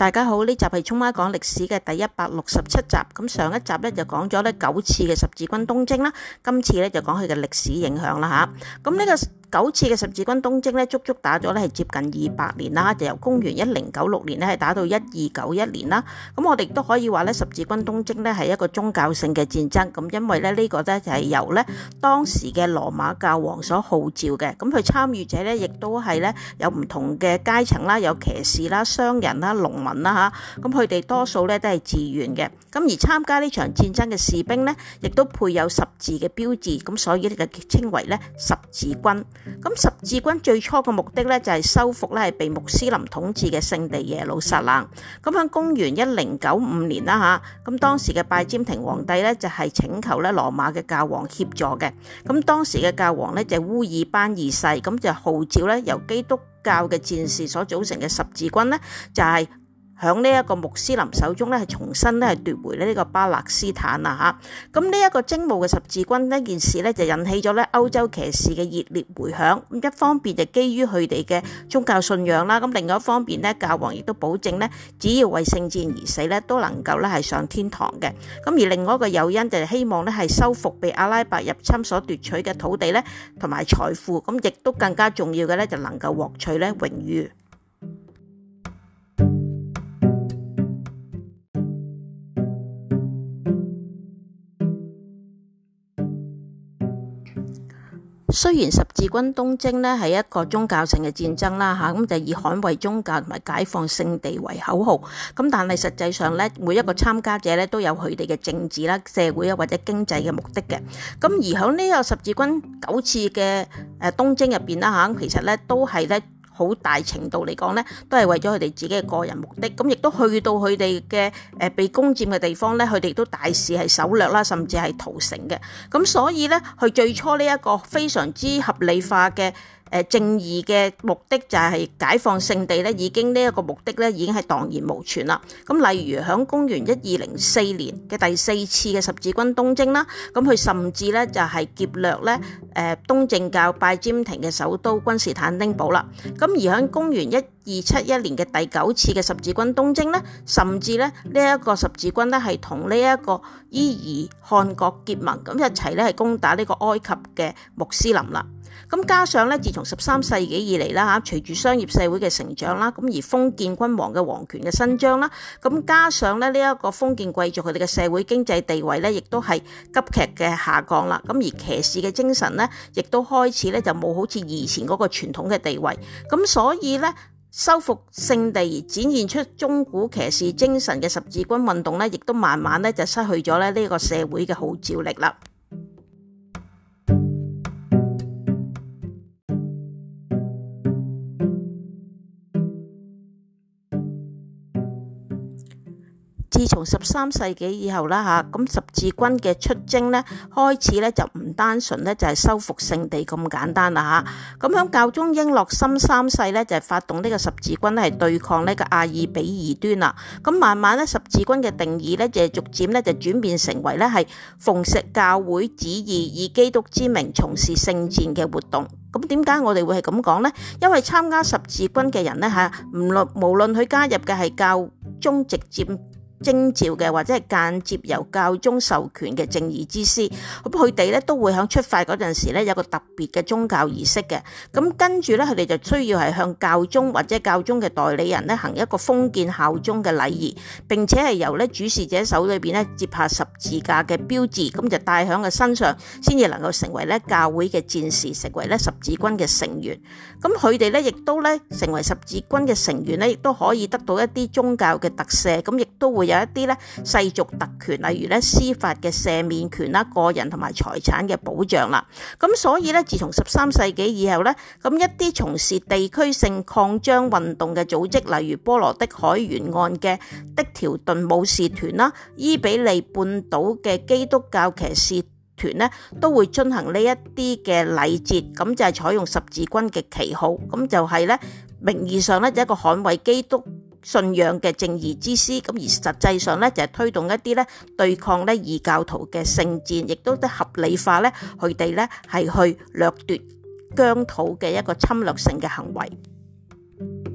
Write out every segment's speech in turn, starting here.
大家好，呢集係冲媽講歷史嘅第一百六十七集。咁上一集咧就講咗咧九次嘅十字軍東征啦，今次咧就講佢嘅歷史影響啦吓。咁、這、呢個。九次嘅十字軍東征咧，足足打咗咧係接近二百年啦，就由公元一零九六年咧係打到一二九一年啦。咁我哋都可以話咧，十字軍東征咧係一個宗教性嘅戰爭。咁因為咧呢個咧就係由咧當時嘅羅馬教皇所號召嘅。咁佢參與者咧亦都係咧有唔同嘅階層啦，有騎士啦、商人啦、農民啦吓，咁佢哋多數咧都係自願嘅。咁而參加呢場戰爭嘅士兵咧，亦都配有十字嘅標誌，咁所以咧就稱為咧十字軍。咁十字軍最初嘅目的咧就係收復咧係被穆斯林統治嘅聖地耶路撒冷。咁喺公元一零九五年啦吓，咁當時嘅拜占庭皇帝咧就係請求咧羅馬嘅教皇協助嘅。咁當時嘅教皇咧就係烏爾班二世，咁就號召咧由基督教嘅戰士所組成嘅十字軍咧就係、是。喺呢一個穆斯林手中咧，係重新咧係奪回咧呢個巴勒斯坦啦嚇。咁呢一個精武嘅十字軍呢件事咧，就引起咗咧歐洲騎士嘅熱烈回響。咁一方面就基於佢哋嘅宗教信仰啦，咁另外一方面咧，教皇亦都保證咧，只要為聖戰而死咧，都能夠咧係上天堂嘅。咁而另外一個誘因就係希望咧係收復被阿拉伯入侵所奪取嘅土地咧，同埋財富。咁亦都更加重要嘅咧，就能夠獲取咧榮譽。雖然十字軍東征呢係一個宗教性嘅戰爭啦，吓咁就以捍衛宗教同埋解放聖地為口號，咁但係實際上呢，每一個參加者呢都有佢哋嘅政治啦、社會啊或者經濟嘅目的嘅，咁而喺呢個十字軍九次嘅誒東征入邊啦，吓其實呢都係呢。好大程度嚟講咧，都係為咗佢哋自己嘅個人目的，咁亦都去到佢哋嘅誒被攻佔嘅地方咧，佢哋都大肆係搜掠啦，甚至係屠城嘅。咁所以咧，佢最初呢一個非常之合理化嘅。正義嘅目的就係解放聖地咧，已經呢一個目的咧已經係蕩然無存啦。咁例如喺公元一二零四年嘅第四次嘅十字軍東征啦，咁佢甚至咧就係劫掠咧誒東正教拜占庭嘅首都君士坦丁堡啦。咁而喺公元一二七一年嘅第九次嘅十字軍東征咧，甚至咧呢一個十字軍咧係同呢一個伊爾漢國結盟，咁一齊咧係攻打呢個埃及嘅穆斯林啦。咁加上咧，自從十三世紀以嚟啦，吓隨住商業社會嘅成長啦，咁而封建君王嘅皇權嘅伸張啦，咁加上咧呢一個封建貴族佢哋嘅社會經濟地位咧，亦都係急劇嘅下降啦。咁而騎士嘅精神咧，亦都開始咧就冇好似以前嗰個傳統嘅地位。咁所以咧，收復聖地而展現出中古騎士精神嘅十字軍運動咧，亦都慢慢咧就失去咗咧呢個社會嘅號召力啦。自從十三世紀以後啦，嚇咁十字軍嘅出征咧，開始咧就唔單純咧，就係收復聖地咁簡單啦嚇。咁響教宗英諾森三世咧就發動呢個十字軍咧，係對抗呢個阿爾比異端啦。咁慢慢咧，十字軍嘅定義咧就逐漸咧就轉變成為咧係奉食教會旨意，以基督之名從事聖戰嘅活動。咁點解我哋會係咁講咧？因為參加十字軍嘅人咧嚇，唔論無論佢加入嘅係教宗直接徵召嘅或者係間接由教宗授權嘅正義之師，咁佢哋咧都會喺出發嗰陣時咧有個特別嘅宗教儀式嘅，咁跟住咧佢哋就需要係向教宗或者教宗嘅代理人咧行一個封建效忠嘅禮儀，並且係由咧主事者手裏邊咧接下十字架嘅標誌，咁就帶喺佢身上，先至能夠成為咧教會嘅戰士，成為咧十字軍嘅成員。咁佢哋咧亦都咧成為十字軍嘅成員咧，亦都可以得到一啲宗教嘅特赦，咁亦都會。有一啲咧世俗特權，例如咧司法嘅赦免權啦，個人同埋財產嘅保障啦。咁所以咧，自從十三世紀以後咧，咁一啲從事地區性擴張運動嘅組織，例如波羅的海沿岸嘅的的條頓武士團啦，伊比利半島嘅基督教騎士團咧，都會進行呢一啲嘅禮節，咁就係、是、採用十字軍嘅旗號，咁就係、是、咧名義上咧就一個捍衞基督信仰嘅正義之師，咁而實際上呢，就係推動一啲呢對抗呢異教徒嘅聖戰，亦都啲合理化呢佢哋呢係去掠奪疆土嘅一個侵略性嘅行為。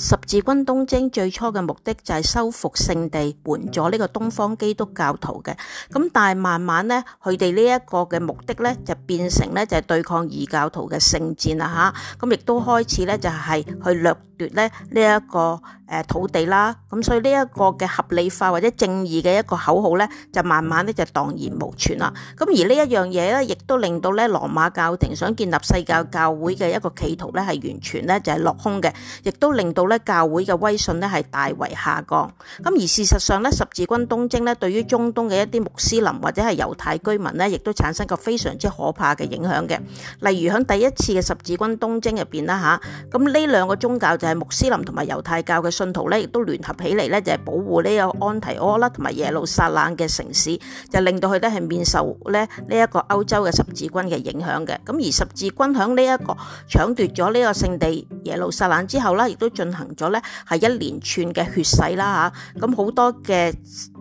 十字軍東征最初嘅目的就係收復聖地，援助呢個東方基督教徒嘅，咁但係慢慢呢，佢哋呢一個嘅目的呢，就變成呢就係對抗異教徒嘅聖戰啦吓，咁亦都開始呢，就係去掠奪呢呢一個。誒土地啦，咁所以呢一個嘅合理化或者正義嘅一個口號咧，就慢慢咧就蕩然無存啦。咁而呢一樣嘢咧，亦都令到咧羅馬教廷想建立世界教，教會嘅一個企圖咧，係完全咧就係落空嘅，亦都令到咧教會嘅威信咧係大為下降。咁而事實上咧，十字軍東征咧對於中東嘅一啲穆斯林或者係猶太居民咧，亦都產生過非常之可怕嘅影響嘅。例如喺第一次嘅十字軍東征入邊啦吓，咁呢兩個宗教就係穆斯林同埋猶太教嘅。信徒咧亦都聯合起嚟咧，就係、是、保護呢個安提柯安提阿啦同埋耶路撒冷嘅城市，就令到佢咧係免受咧呢一個歐洲嘅十字軍嘅影響嘅。咁而十字軍喺呢一個搶奪咗呢個聖地耶路撒冷之後咧，亦都進行咗咧係一連串嘅血洗啦吓，咁好多嘅。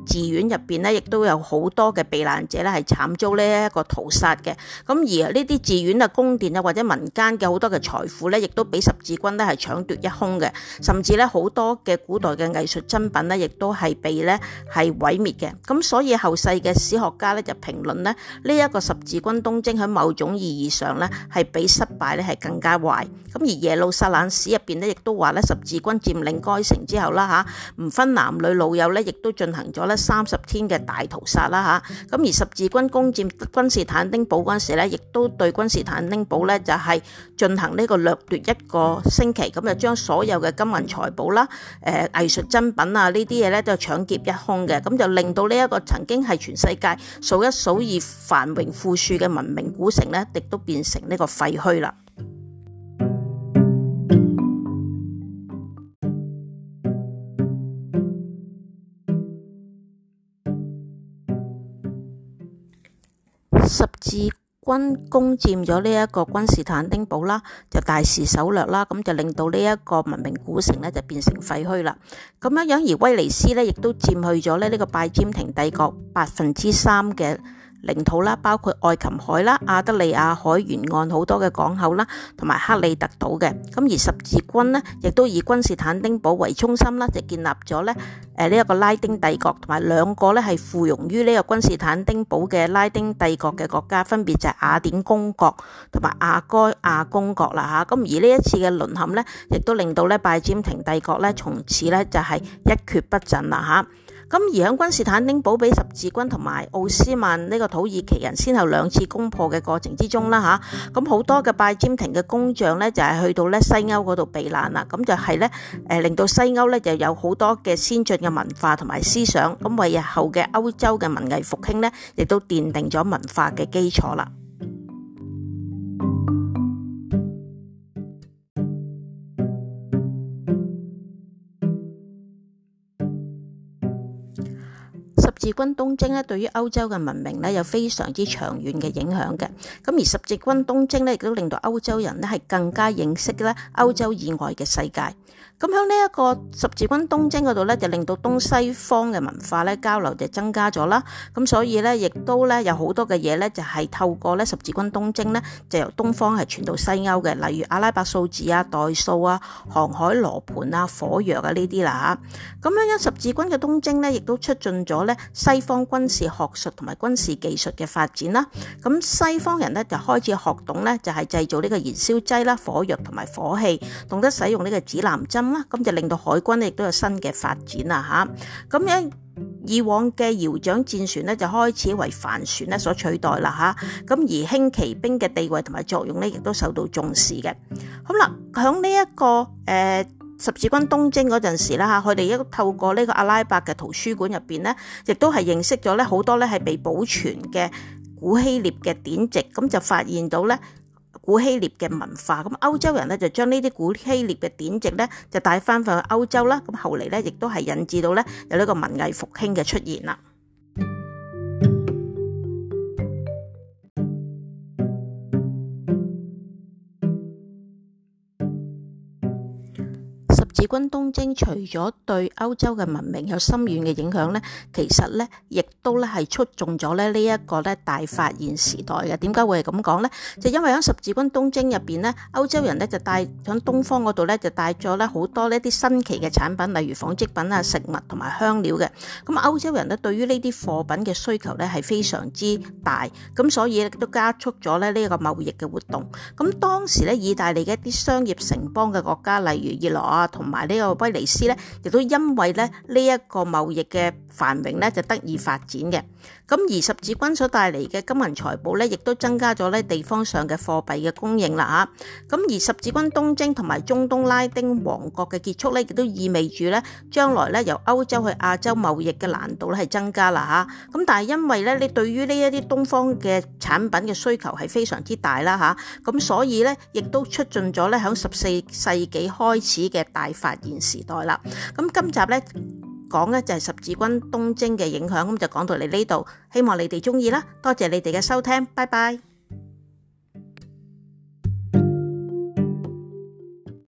寺院入邊呢亦都有好多嘅避難者呢係慘遭呢一個屠殺嘅。咁而呢啲寺院啊、宮殿啊或者民間嘅好多嘅財富呢，亦都俾十字軍呢係搶奪一空嘅。甚至呢好多嘅古代嘅藝術珍品呢，亦都係被呢係毀滅嘅。咁所以後世嘅史學家呢，就評論呢呢一個十字軍東征喺某種意義上呢係比失敗呢係更加壞。咁而耶路撒冷史入邊呢，亦都話呢十字軍佔領該城之後啦，吓唔分男女老幼呢，亦都進行咗呢，三十天嘅大屠殺啦吓，咁而十字軍攻占君士坦丁堡嗰時咧，亦都對君士坦丁堡咧就係進行呢個掠奪，一個星期咁就將所有嘅金銀財寶啦、誒藝術珍品啊呢啲嘢咧就搶劫一空嘅，咁就令到呢一個曾經係全世界數一數二繁榮富庶嘅文明古城咧，亦都變成呢個廢墟啦。十字軍攻佔咗呢一個君士坦丁堡啦，就大肆搜掠啦，咁就令到呢一個文明古城咧就變成廢墟啦。咁樣樣，而威尼斯咧亦都佔去咗咧呢個拜占庭帝國百分之三嘅領土啦，包括愛琴海啦、亞德利亞海沿岸好多嘅港口啦，同埋克里特島嘅。咁而十字軍呢，亦都以君士坦丁堡為中心啦，就建立咗咧。誒，呢一個拉丁帝國同埋兩個咧係附庸於呢個君士坦丁堡嘅拉丁帝國嘅國家，分別就係雅典公國同埋阿該亞公國啦，嚇。咁而呢一次嘅淪陷咧，亦都令到咧拜占庭帝國咧，從此咧就係一蹶不振啦，嚇咁而喺君士坦丁堡俾十字軍同埋奧斯曼呢個土耳其人先後兩次攻破嘅過程之中啦，吓咁好多嘅拜占庭嘅工匠咧就係去到咧西歐嗰度避難啦，咁就係咧誒令到西歐咧就有好多嘅先進嘅文化同埋思想，咁為日後嘅歐洲嘅文藝復興咧亦都奠定咗文化嘅基礎啦。十字軍東征咧，對於歐洲嘅文明咧有非常之長遠嘅影響嘅。咁而十字軍東征咧，亦都令到歐洲人咧係更加認識咧歐洲以外嘅世界。咁喺呢一個十字軍東征嗰度咧，就令到東西方嘅文化咧交流就增加咗啦。咁所以咧，亦都咧有好多嘅嘢咧，就係透過咧十字軍東征咧，就由東方係傳到西歐嘅，例如阿拉伯數字啊、代數啊、航海羅盤啊、火藥啊呢啲啦，咁樣因十字軍嘅東征咧，亦都出進咗促進咗咧，西方軍事學術同埋軍事技術嘅發展啦，咁西方人咧就開始學懂咧，就係製造呢個燃燒劑啦、火藥同埋火器，懂得使用呢個指南針啦，咁就令到海軍咧亦都有新嘅發展啊吓，咁樣以往嘅搖槳戰船咧就開始為帆船咧所取代啦吓，咁而輕騎兵嘅地位同埋作用咧亦都受到重視嘅。好啦，這個，響呢一個誒。十字軍東征嗰陣時啦嚇，佢哋一透過呢個阿拉伯嘅圖書館入邊咧，亦都係認識咗咧好多咧係被保存嘅古希臘嘅典籍，咁就發現到咧古希臘嘅文化，咁歐洲人咧就將呢啲古希臘嘅典籍咧就帶翻返去歐洲啦，咁後嚟咧亦都係引致到咧有呢個文藝復興嘅出現啦。十字軍東征除咗對歐洲嘅文明有深遠嘅影響咧，其實咧亦都咧係促進咗咧呢一個咧大發現時代嘅。點解會係咁講咧？就因為喺十字軍東征入邊咧，歐洲人咧就帶喺東方嗰度咧就帶咗咧好多呢啲新奇嘅產品，例如紡織品啊、食物同埋香料嘅。咁歐洲人咧對於呢啲貨品嘅需求咧係非常之大，咁所以都加速咗咧呢個貿易嘅活動。咁當時咧，意大利嘅一啲商業城邦嘅國家，例如熱那亞同。同埋呢個威尼斯咧，亦都因為咧呢一個貿易嘅繁榮咧，就得以發展嘅。咁而十字軍所帶嚟嘅金銀財寶咧，亦都增加咗咧地方上嘅貨幣嘅供應啦嚇。咁而十字軍東征同埋中東拉丁王國嘅結束咧，亦都意味住咧將來咧由歐洲去亞洲貿易嘅難度咧係增加啦嚇。咁但係因為咧你對於呢一啲東方嘅產品嘅需求係非常之大啦嚇，咁所以咧亦都促進咗咧喺十四世紀開始嘅大。發現時代啦，咁今集咧講咧就係十字軍東征嘅影響，咁就講到你呢度，希望你哋中意啦，多謝你哋嘅收聽，拜拜。